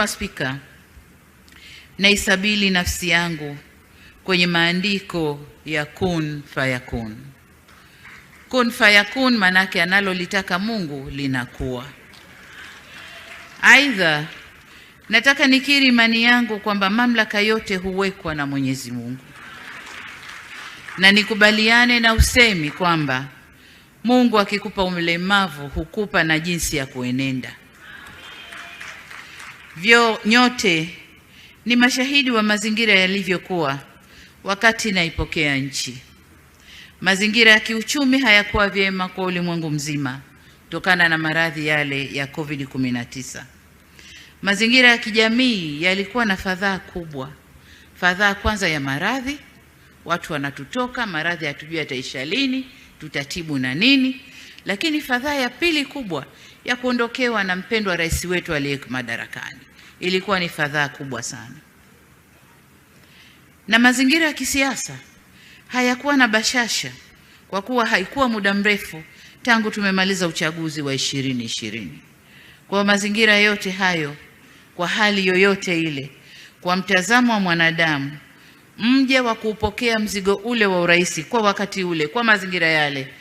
Mheshimiwa Spika, naisabili nafsi yangu kwenye maandiko ya kun fayakun. Kun fayakun maanake analolitaka Mungu linakuwa. Aidha, nataka nikiri imani yangu kwamba mamlaka yote huwekwa na Mwenyezi Mungu, na nikubaliane na usemi kwamba Mungu akikupa ulemavu hukupa na jinsi ya kuenenda vyo nyote ni mashahidi wa mazingira yalivyokuwa wakati naipokea nchi. Mazingira ya kiuchumi hayakuwa vyema kwa ulimwengu mzima kutokana na maradhi yale ya COVID-19. Mazingira ya kijamii yalikuwa na fadhaa kubwa, fadhaa kwanza ya maradhi, watu wanatutoka maradhi, hatujui yataisha lini, tutatibu na nini, lakini fadhaa ya pili kubwa ya kuondokewa na mpendwa rais wetu aliye madarakani ilikuwa ni fadhaa kubwa sana, na mazingira ya kisiasa hayakuwa na bashasha, kwa kuwa haikuwa muda mrefu tangu tumemaliza uchaguzi wa ishirini ishirini. Kwa mazingira yote hayo, kwa hali yoyote ile, kwa mtazamo wa mwanadamu, mja wa kuupokea mzigo ule wa urais kwa wakati ule, kwa mazingira yale,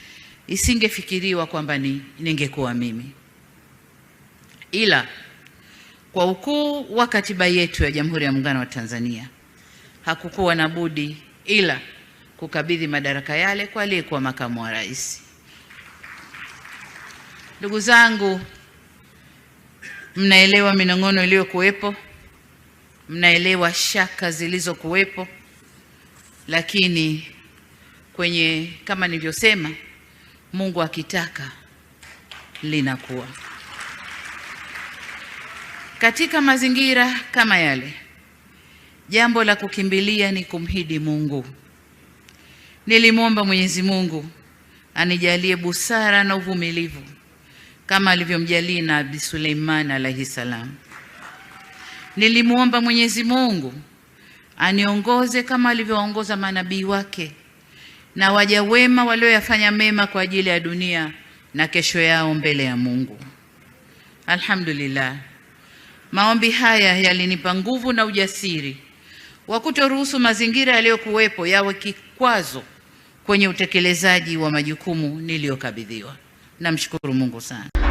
isingefikiriwa kwamba ni ningekuwa mimi ila kwa ukuu wa katiba yetu ya Jamhuri ya Muungano wa Tanzania, hakukuwa na budi ila kukabidhi madaraka yale kwa aliyekuwa makamu wa rais. Ndugu zangu, mnaelewa minong'ono iliyokuwepo, mnaelewa shaka zilizokuwepo, lakini kwenye, kama nilivyosema, Mungu akitaka linakuwa katika mazingira kama yale, jambo la kukimbilia ni kumhidi Mungu. Nilimwomba Mwenyezi Mungu anijalie busara na uvumilivu kama alivyomjalia Nabii Suleiman alaihi salam. Nilimwomba Mwenyezi Mungu aniongoze kama alivyoongoza manabii wake na waja wema walioyafanya mema kwa ajili ya dunia na kesho yao mbele ya Mungu. Alhamdulillah. Maombi haya yalinipa nguvu na ujasiri wa kutoruhusu mazingira yaliyokuwepo yawe kikwazo kwenye utekelezaji wa majukumu niliyokabidhiwa. Namshukuru Mungu sana.